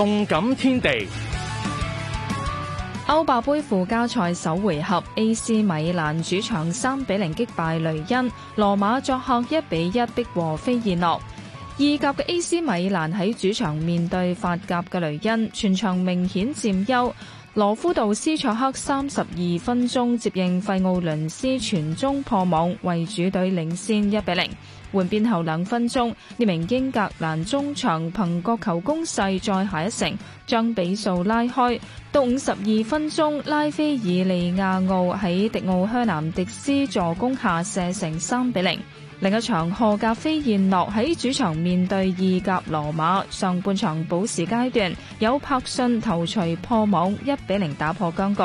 動感天地，歐霸杯附加賽首回合，AC 米蘭主場三比零擊敗雷恩，羅馬作客一比一逼和飛燕諾。意甲嘅 AC 米蘭喺主場面對法甲嘅雷恩，全場明顯佔優。羅夫度斯卓克三十二分鐘接應費奧倫斯傳中破網，為主隊領先一比零。換邊後兩分鐘，呢名英格蘭中場憑角球攻勢再下一城，將比數拉開。到五十二分鐘，拉菲爾利亞奧喺迪奧香南迪斯助攻下射成三比零。另一場荷甲飛燕諾喺主場面對意甲羅馬，上半場補時階段有柏遜頭槌破網一。比零打破僵局，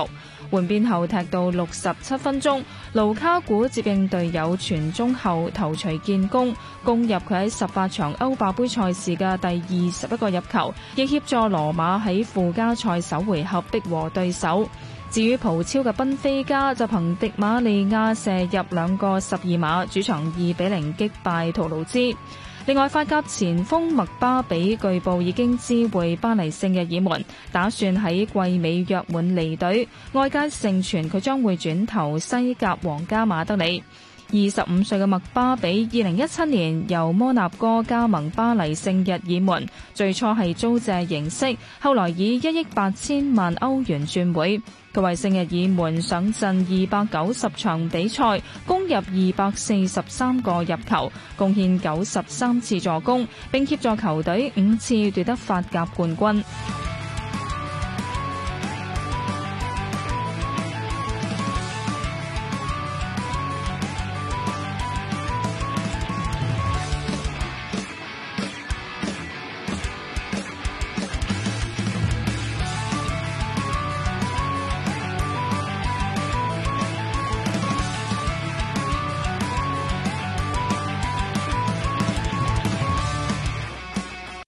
換邊後踢到六十七分鐘，盧卡古接應隊友傳中後頭錘建功，攻入佢喺十八場歐霸杯賽事嘅第二十一個入球，亦協助羅馬喺附加賽首回合逼和對手。至於葡超嘅賓菲加就憑迪馬利亞射入兩個十二碼，主場二比零擊敗圖盧茲。另外，法甲前鋒麥巴比據報已經知會巴黎聖日耳門，打算喺季尾約滿離隊。外界盛傳佢將會轉投西甲皇家馬德里。二十五歲嘅麥巴比，二零一七年由摩納哥加盟巴黎聖日耳門，最初係租借形式，後來以一億八千萬歐元轉會。佢為聖日耳門上陣二百九十場比賽，攻入二百四十三個入球，貢獻九十三次助攻，並協助球隊五次奪得法甲冠軍。